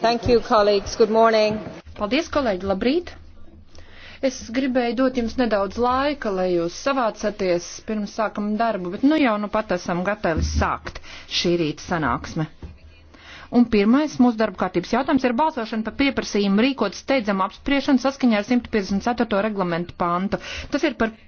Thank you, colleagues. Good morning. Paldies, kolēģi. Labrīt. Es gribēju dot jums nedaudz laika, lai jūs savācaties pirms sākam darbu, bet nu jau nu pat esam gatavi sākt šī rīta sanāksme. Un pirmais mūsu darba kārtības jautājums ir balsošana par pieprasījumu rīkot steidzamu apspriešanu saskaņā ar 154. reglamentu pāntu. Tas ir par